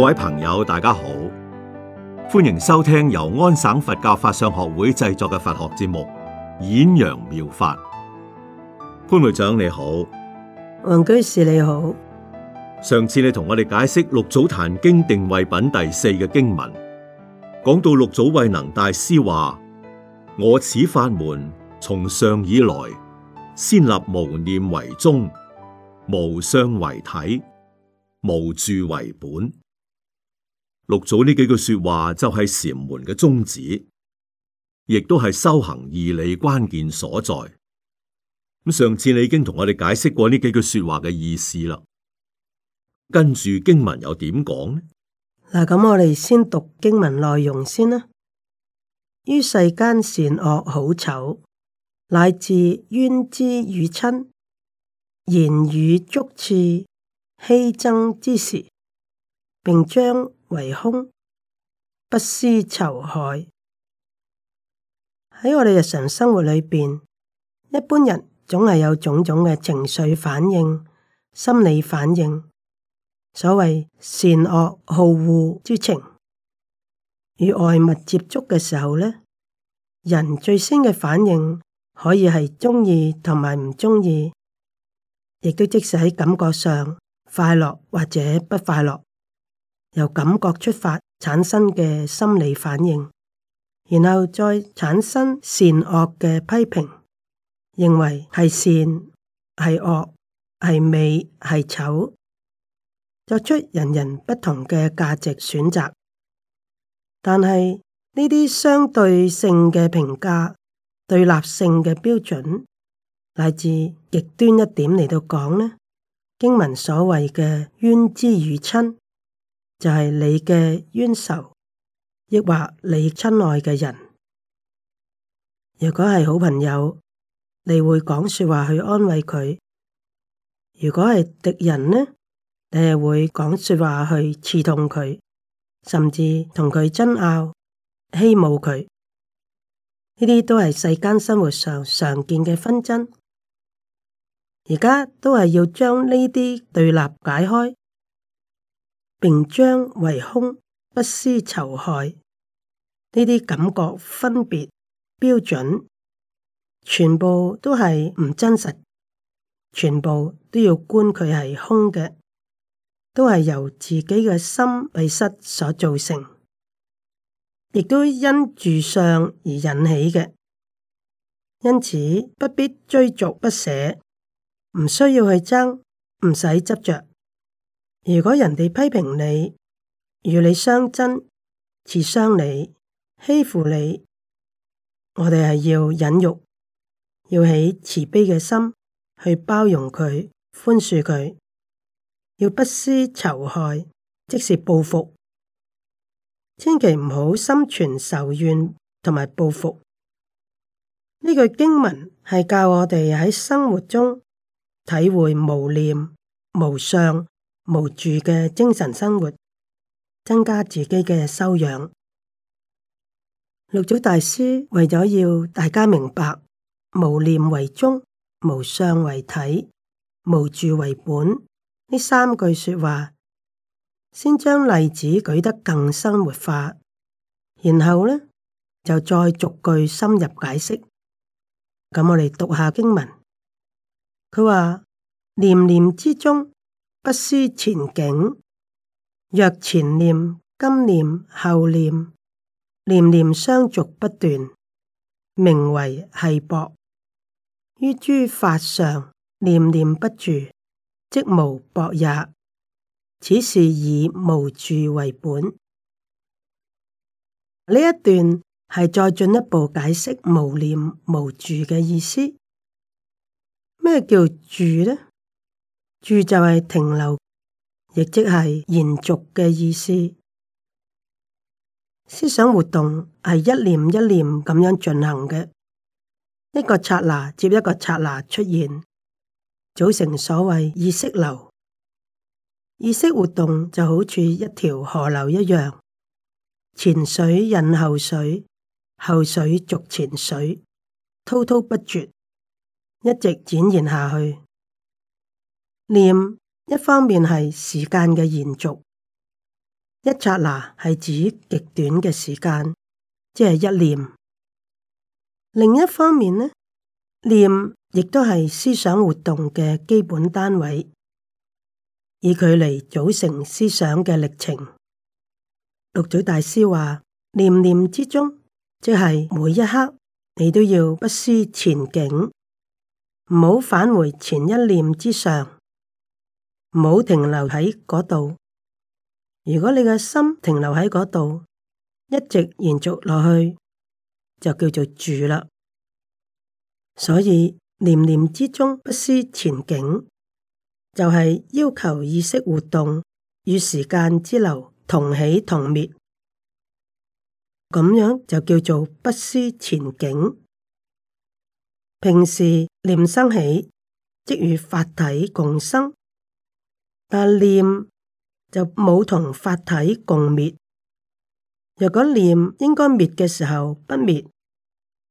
各位朋友，大家好，歡迎收聽由安省佛教法相學會製作嘅佛學節目《演揚妙,妙法》。潘會長你好，黃居士你好。上次你同我哋解釋《六祖壇經》定慧品第四嘅經文，講到六祖慧能大師話：我此法門從上以來，先立無念為宗，無相為體，無住為本。六祖呢幾句說話就係禪門嘅宗旨，亦都係修行義理關鍵所在。咁上次你已經同我哋解釋過呢幾句說話嘅意思啦。跟住經文又點講呢？嗱，咁我哋先讀經文內容先啦。於世間善惡好醜，乃至冤之與親，言語觸刺，欺爭之時，並將。為空，不思愁害。喺我哋日常生活裏邊，一般人總係有種種嘅情緒反應、心理反應。所謂善惡好惡之情，與外物接觸嘅時候呢，人最先嘅反應可以係中意同埋唔中意，亦都即使喺感覺上快樂或者不快樂。由感覺出發產生嘅心理反應，然後再產生善惡嘅批評，認為係善係惡係美係醜，作出人人不同嘅價值選擇。但係呢啲相對性嘅評價、對立性嘅標準，乃至極端一點嚟到講呢，經文所謂嘅冤之與親。就係你嘅冤仇，抑或你親愛嘅人。如果係好朋友，你會講說話去安慰佢；如果係敵人呢，你係會講說話去刺痛佢，甚至同佢爭拗、欺侮佢。呢啲都係世間生活上常見嘅紛爭，而家都係要將呢啲對立解開。並將為空，不思仇害。呢啲感覺分別標準，全部都係唔真實，全部都要觀佢係空嘅，都係由自己嘅心迷失所造成，亦都因住相而引起嘅，因此不必追逐不捨，唔需要去爭，唔使執着。如果人哋批評你，與你相爭、刺傷你、欺負你，我哋係要忍辱，要起慈悲嘅心去包容佢、寬恕佢，要不思仇害，即是報復，千祈唔好心存仇怨同埋報復。呢句經文係教我哋喺生活中體會無念、無相。無住嘅精神生活，增加自己嘅修養。六祖大師為咗要大家明白無念為宗，無相為體，無住為本呢三句說話，先將例子舉得更生活化，然後呢就再逐句深入解釋。咁我哋讀下經文，佢話念念之中。不思前境，若前念、今念、後念，念念相續不斷，名為繫縛。於諸法上念念不住，即無縛也。此是以無住為本。呢一段係再進一步解釋無念無住嘅意思。咩叫住呢？住就係停留，亦即係延續嘅意思。思想活動係一念一念咁樣進行嘅，一個剎那接一個剎那出現，組成所謂意識流。意識活動就好似一條河流一樣，前水引後水，後水逐前水，滔滔不絕，一直展現下去。念一方面係時間嘅延續，一剎那係指極短嘅時間，即係一念。另一方面呢，念亦都係思想活動嘅基本單位，以佢嚟組成思想嘅歷程。六祖大師話：念念之中，即係每一刻，你都要不思前境，唔好返回前一念之上。唔好停留喺嗰度。如果你嘅心停留喺嗰度，一直延續落去，就叫做住啦。所以念念之中不思前境，就係、是、要求意識活動與時間之流同起同滅。咁樣就叫做不思前境。平時念生起，即與法體共生。但念就冇同法體共滅。若果念應該滅嘅時候不滅，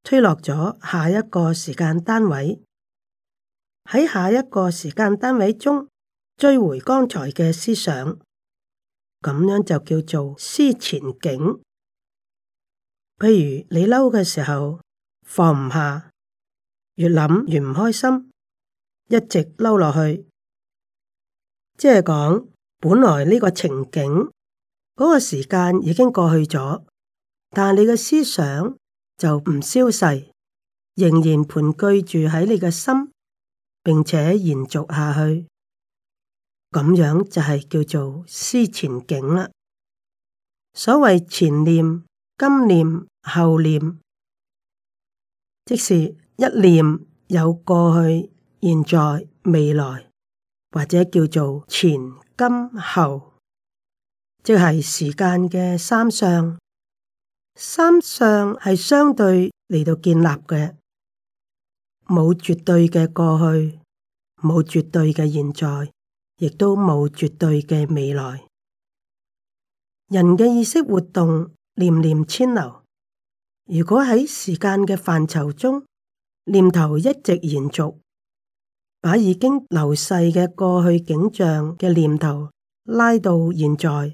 推落咗下一個時間單位，喺下一個時間單位中追回剛才嘅思想，咁樣就叫做思前景。譬如你嬲嘅時候放唔下，越諗越唔開心，一直嬲落去。即係講，本來呢個情景，嗰個時間已經過去咗，但你嘅思想就唔消逝，仍然盤踞住喺你嘅心，並且延續下去。咁樣就係叫做思前境啦。所謂前念、今念、後念，即是一念有過去、現在、未來。或者叫做前、今、後，即係時間嘅三相。三相係相對嚟到建立嘅，冇絕對嘅過去，冇絕對嘅現在，亦都冇絕對嘅未來。人嘅意識活動，念念遷流。如果喺時間嘅範疇中，念頭一直延續。把已經流逝嘅過去景象嘅念頭拉到現在，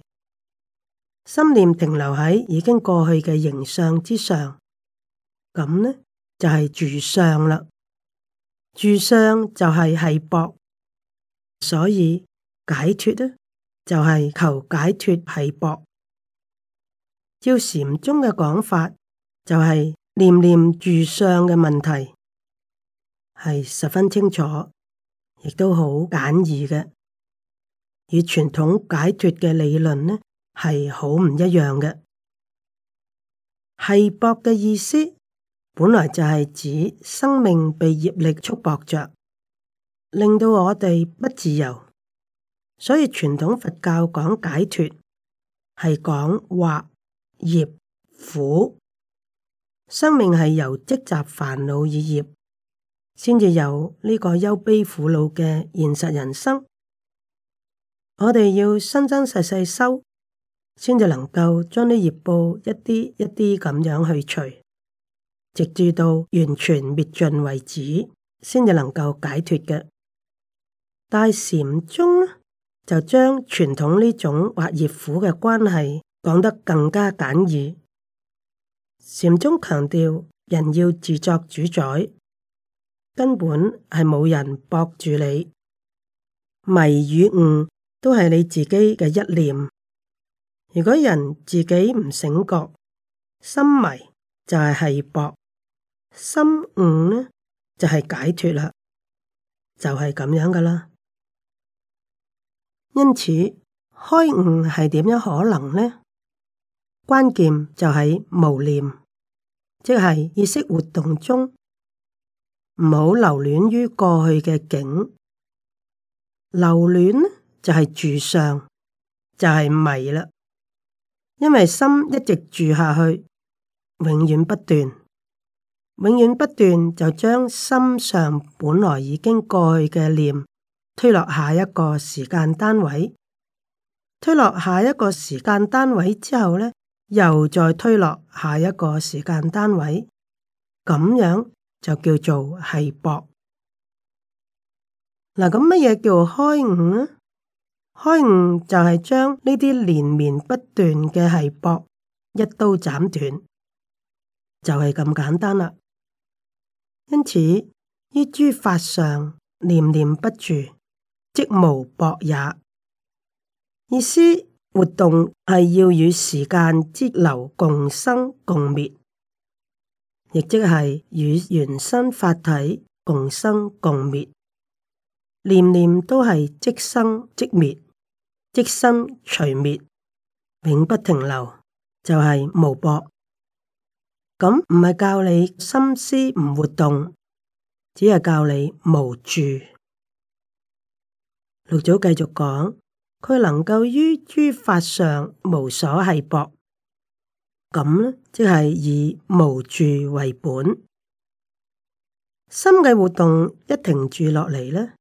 心念停留喺已經過去嘅形象之上，咁呢就係、是、住相啦。住相就係繫縛，所以解脫呢就係求解脫繫縛。照禪宗嘅講法，就係念念住相嘅問題係十分清楚。亦都好簡易嘅，與傳統解脱嘅理論呢係好唔一樣嘅。繫縛嘅意思，本來就係指生命被業力束縛着，令到我哋不自由。所以傳統佛教講解脱，係講惑業苦，生命係由積集煩惱而業，先至有呢個憂悲苦惱嘅現實人生，我哋要生生世世修，先至能夠將啲業報一啲一啲咁樣去除，直至到完全滅盡為止，先至能夠解脫嘅。但係禪宗呢，就將傳統呢種惑業苦嘅關係講得更加簡易。禪宗強調人要自作主宰。根本係冇人縛住你，迷與悟都係你自己嘅一念。如果人自己唔醒覺，心迷就係繫縛，心悟呢就係解脱啦，就係咁樣噶啦。因此開悟係點樣可能呢？關鍵就係無念，即係意識活動中。唔好留戀於過去嘅景，留戀就係住上，就係、是、迷啦。因為心一直住下去，永遠不斷，永遠不斷就將心上本來已經過去嘅念推落下一個時間單位，推落下一個時間單位之後呢，又再推落下一個時間單位，咁樣。就叫做繫縛嗱，咁乜嘢叫開悟呢？開悟就將係將呢啲連綿不斷嘅繫縛一刀斬斷，就係、是、咁簡單啦。因此，於諸法上念念不住，即無縛也。意思活動係要與時間之流共生共滅。亦即係與原生法體共生共滅，念念都係即生即滅，即生除滅，永不停留，就係、是、無搏。咁唔係教你心思唔活動，只係教你無住。六祖繼續講，佢能夠於諸法上無所繫搏。咁即係以無住為本，心嘅活動一停住落嚟呢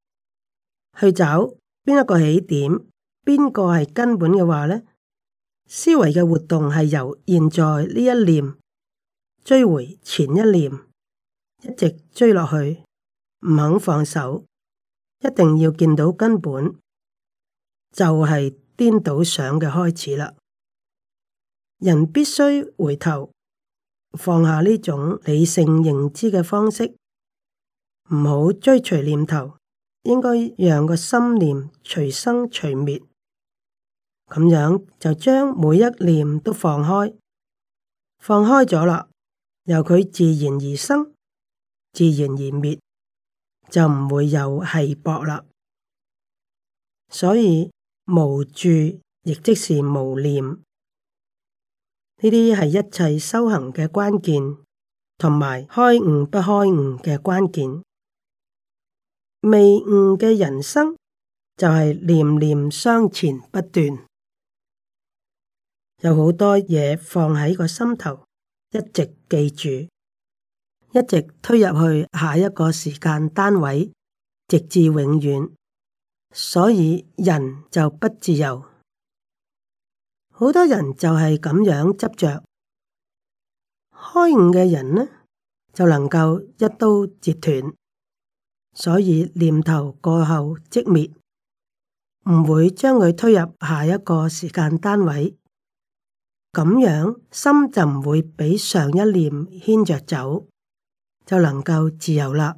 去找邊一個起點，邊個係根本嘅話呢，思維嘅活動係由現在呢一念追回前一念，一直追落去，唔肯放手，一定要見到根本，就係顛倒想嘅開始啦。人必須回頭放下呢種理性認知嘅方式，唔好追隨念頭，應該讓個心念隨生隨滅，咁樣就將每一念都放開，放開咗啦，由佢自然而生，自然而滅，就唔會有繫縛啦。所以無住亦即是無念。呢啲係一切修行嘅關鍵，同埋開悟不開悟嘅關鍵。未悟嘅人生就係念念相前不斷，有好多嘢放喺個心頭，一直記住，一直推入去下一個時間單位，直至永遠。所以人就不自由。好多人就係咁樣執着，開悟嘅人呢就能夠一刀截斷，所以念頭過後即滅，唔會將佢推入下一個時間單位，咁樣心就唔會畀上一念牽着走，就能夠自由啦，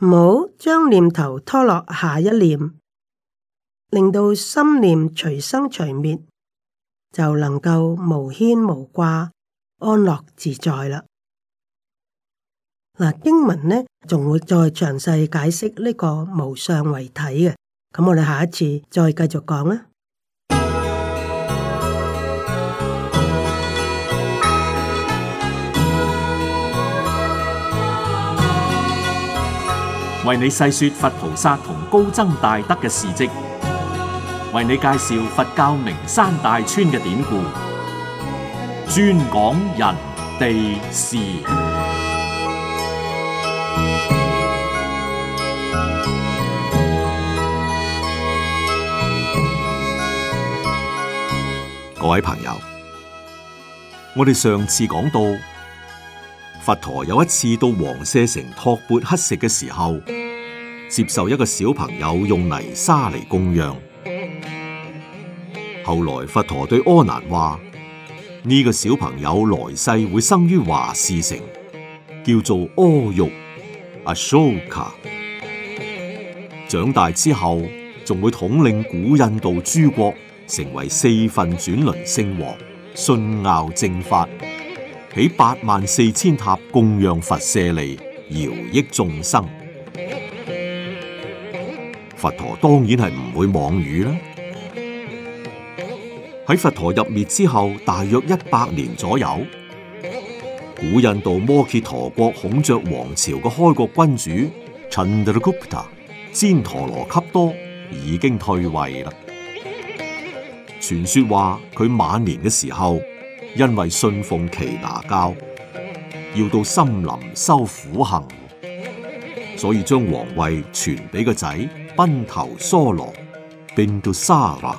唔好將念頭拖落下一念。令到心念隨生隨滅，就能夠無牽無掛、安樂自在啦。嗱，經文呢仲會再詳細解釋呢個無上為體嘅，咁我哋下一次再繼續講啦。為你細說佛菩薩同高僧大德嘅事跡。為你介紹佛教名山大川嘅典故，專講人地事。各位朋友，我哋上次講到，佛陀有一次到王舍城托缽乞食嘅時候，接受一個小朋友用泥沙嚟供養。後來佛陀對阿難話：呢、這個小朋友來世會生於華氏城，叫做阿育，阿修卡。長大之後，仲會統領古印度諸國，成為四分轉輪聖王，信奧正法，起八萬四千塔供養佛舍利，饒益眾生。佛陀當然係唔會妄語啦。喺佛陀入滅之後，大約一百年左右，古印度摩羯陀國孔雀王朝嘅開國君主 Chandragupta 旃陀羅笈多已經退位啦。傳說話佢晚年嘅時候，因為信奉耆那教，要到森林修苦行，所以將皇位傳俾個仔賓頭娑羅，並到沙王。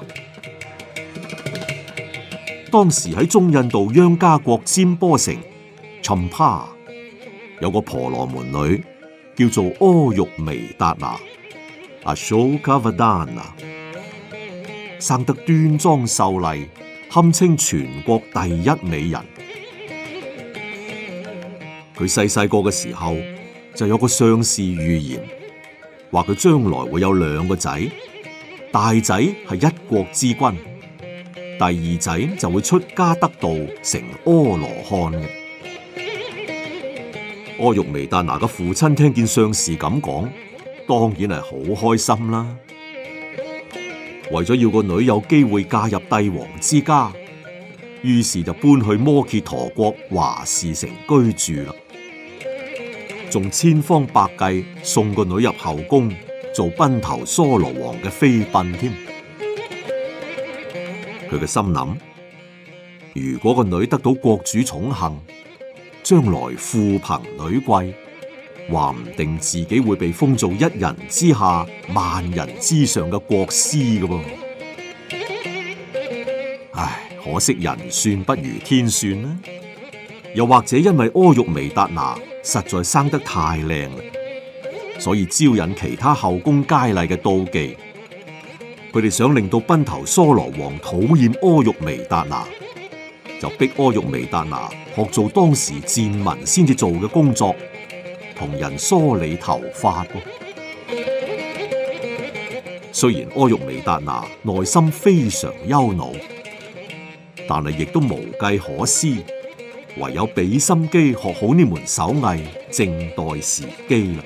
當時喺中印度央家國尖波城尋帕，有個婆羅門女叫做柯玉微達娜 Ashokavadana, 生得端莊秀麗，堪稱全國第一美人。佢細細個嘅時候就有個相士預言，話佢將來會有兩個仔，大仔係一國之君。第二仔就會出家得道成阿羅漢嘅。阿玉微達拿嘅父親聽見上士咁講，當然係好開心啦。為咗要個女有機會嫁入帝王之家，於是就搬去摩羯陀國華氏城居住啦，仲千方百計送個女入後宮做奔頭娑羅王嘅妃嬪添。佢嘅心諗：如果個女得到國主寵幸，將來父憑女貴，話唔定自己會被封做一人之下、萬人之上嘅國師嘅噃。唉，可惜人算不如天算呢！又或者因為柯玉眉達娜實在生得太靚，所以招引其他後宮佳麗嘅妒忌。佢哋想令到奔頭梭羅王討厭柯玉微達拿，就逼柯玉微達拿學做當時賤民先至做嘅工作，同人梳理頭髮。雖然柯玉微達拿內心非常憂惱，但係亦都無計可施，唯有俾心機學好呢門手藝，靜待時機啦。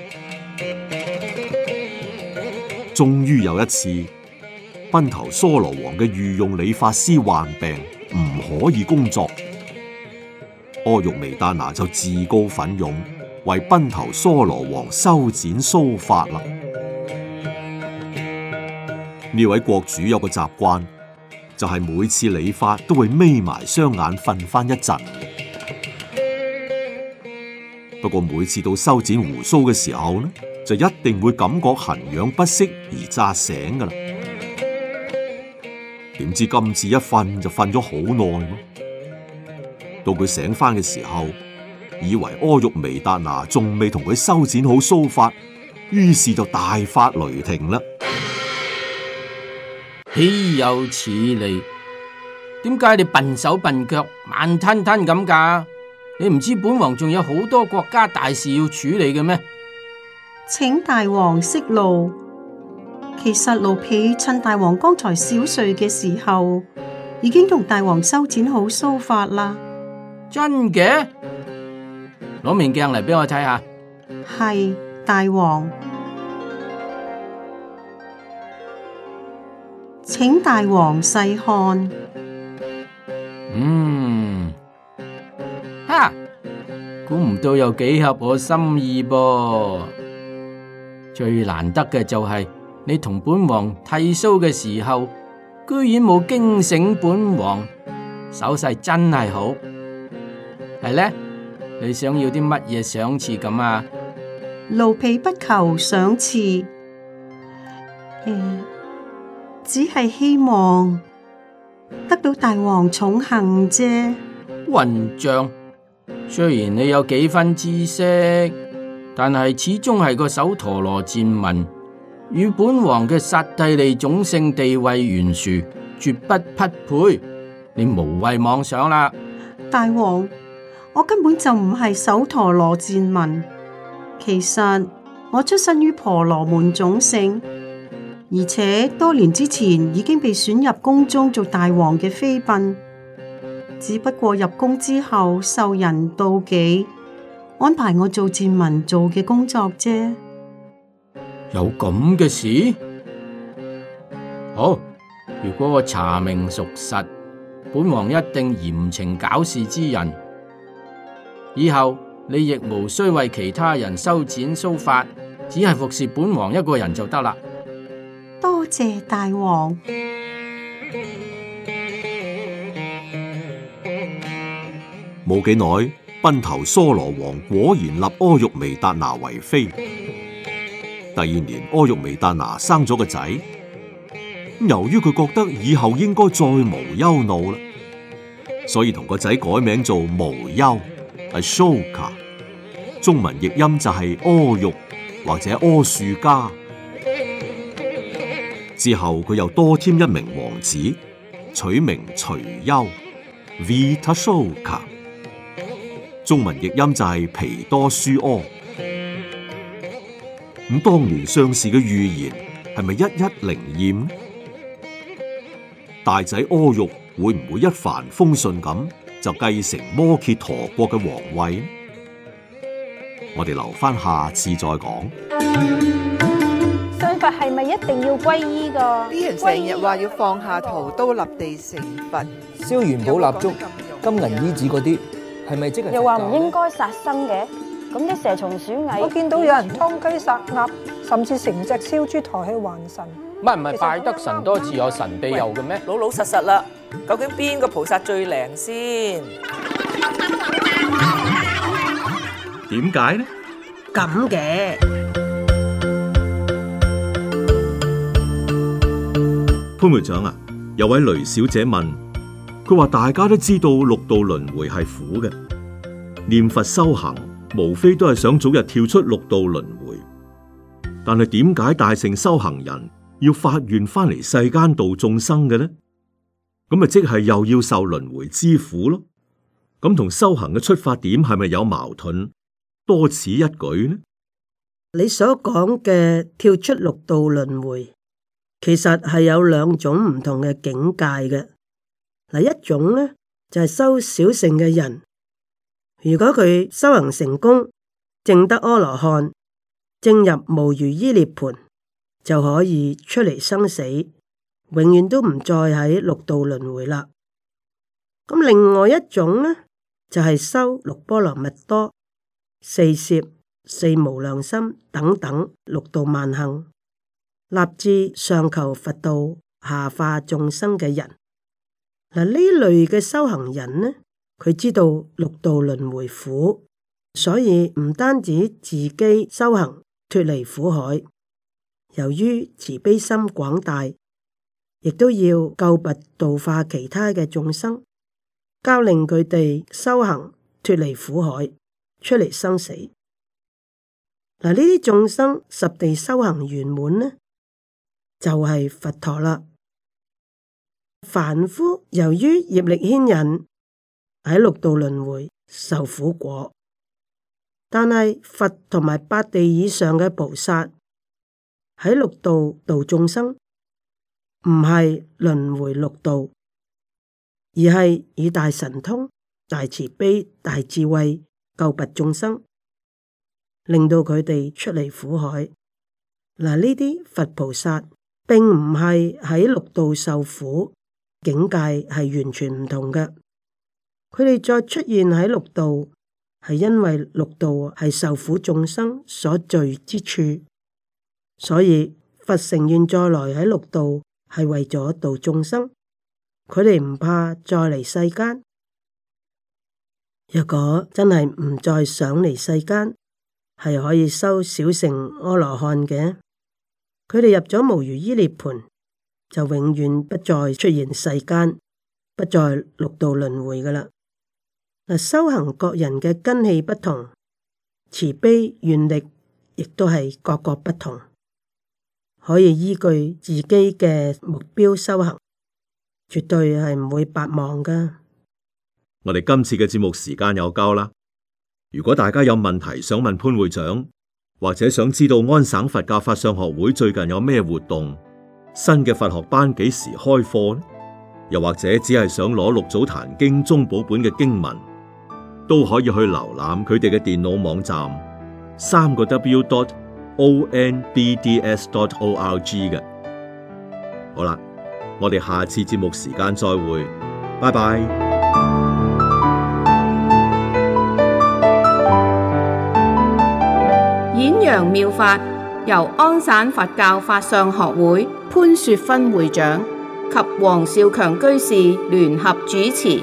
終於有一次。奔頭娑羅王嘅御用理髮師患病唔可以工作，柯玉微丹娜就自告奮勇為奔頭娑羅王修剪鬚髮啦。呢 位國主有個習慣，就係、是、每次理髮都會眯埋雙眼瞓翻一陣。不過每次到修剪鬍鬚嘅時候呢，就一定會感覺痕癢不適而扎醒噶啦。點知今次一瞓就瞓咗好耐，到佢醒翻嘅時候，以為柯玉眉達娜仲未同佢修剪好鬚髮，於是就大發雷霆啦！豈有此理！點解你笨手笨腳、慢吞吞咁噶？你唔知本王仲有好多國家大事要處理嘅咩？請大王息怒。其實奴婢趁大王剛才小睡嘅時候，已經同大王修剪好梳髮啦。真嘅？攞面鏡嚟俾我睇下。係大王，請大王細看。嗯，吓，估唔到有幾合我心意噃。最難得嘅就係。你同本王剃鬚嘅時候，居然冇驚醒本王，手勢真係好。係呢？你想要啲乜嘢賞賜咁啊？奴婢不求賞賜，誒、呃，只係希望得到大王寵幸啫。混帳，雖然你有幾分知識，但係始終係個手陀羅賤民。與本王嘅剎帝利種姓地位懸殊，絕不匹配。你無謂妄想啦，大王。我根本就唔係首陀羅賤民，其實我出身於婆羅門種姓，而且多年之前已經被選入宮中做大王嘅妃嬪，只不過入宮之後受人妒忌，安排我做賤民做嘅工作啫。有咁嘅事，好！如果我查明屬實，本王一定嚴懲搞事之人。以後你亦無需為其他人修剪鬚髮，只係服侍本王一個人就得啦。多謝大王。冇幾耐，奔頭娑羅王果然立柯玉微達拿為妃。第二年，柯玉薇達娜生咗個仔，由於佢覺得以後應該再無憂惱啦，所以同個仔改名做無憂，Ashoka，中文譯音就係柯玉或者柯樹家。之後佢又多添一名王子，取名徐憂，Vitashoka，中文譯音就係皮多舒柯。咁當年上士嘅預言係咪一一靈驗？大仔柯玉會唔會一帆風順咁就繼承摩羯陀國嘅皇位？我哋留翻，下次再講。信佛係咪一定要皈依噶？啲人成日話要放下屠刀，立地成佛，燒元寶蠟燭、金銀衣紙嗰啲，係咪即係又話唔應該殺生嘅？咁啲蛇蟲鼠蟻，我見到有人劏雞殺鴨，甚至成隻燒豬抬去還神。唔係唔係，拜得神多自有神庇佑嘅咩？老老實實啦，究竟邊個菩薩最靈先？點解呢？咁嘅潘會長啊，有位雷小姐問，佢話大家都知道六道輪迴係苦嘅，念佛修行。無非都係想早日跳出六道輪回，但係點解大乘修行人要發願翻嚟世間度眾生嘅呢？咁咪即係又要受輪回之苦咯。咁同修行嘅出發點係咪有矛盾？多此一舉呢你所講嘅跳出六道輪回，其實係有兩種唔同嘅境界嘅。嗱，一種咧就係修小乘嘅人。如果佢修行成功，證得阿羅漢，證入無餘依涅槃，就可以出離生死，永遠都唔再喺六道輪迴啦。咁另外一種呢，就係修六波羅蜜多、四攝、四無量心等等六道萬行，立志上求佛道、下化眾生嘅人。嗱，呢類嘅修行人呢，佢知道六道輪迴苦，所以唔單止自己修行脫離苦海，由於慈悲心廣大，亦都要救拔度化其他嘅眾生，教令佢哋修行脫離苦海，出嚟生死。嗱，呢啲眾生十地修行圓滿呢，就係佛陀啦。凡夫由於業力牽引，喺六道輪迴受苦果，但係佛同埋八地以上嘅菩薩喺六道度眾生，唔係輪迴六道，而係以大神通、大慈悲、大智慧救拔眾生，令到佢哋出離苦海。嗱，呢啲佛菩薩並唔係喺六道受苦，境界係完全唔同嘅。佢哋再出現喺六道，係因為六道係受苦眾生所聚之處，所以佛乘願再來喺六道，係為咗度眾生。佢哋唔怕再嚟世間。若果真係唔再想嚟世間，係可以修小乘阿羅漢嘅。佢哋入咗無餘依涅盤，就永遠不再出現世間，不再六道輪迴㗎喇。修行各人嘅根器不同，慈悲願力亦都係各各不同，可以依據自己嘅目標修行，絕對係唔會白忙噶。我哋今次嘅節目時間有交啦，如果大家有問題想問潘會長，或者想知道安省佛教法，法相學會最近有咩活動，新嘅佛學班幾時開課呢？又或者只係想攞六祖壇經宗寶本嘅經文，都可以去瀏覽佢哋嘅電腦網站，三個 w.dot.o.n.b.d.s.dot.o.r.g 嘅。好啦，我哋下次節目時間再會，拜拜。演揚妙法由安省佛教法相學會潘雪芬會長及黃少強居士聯合主持。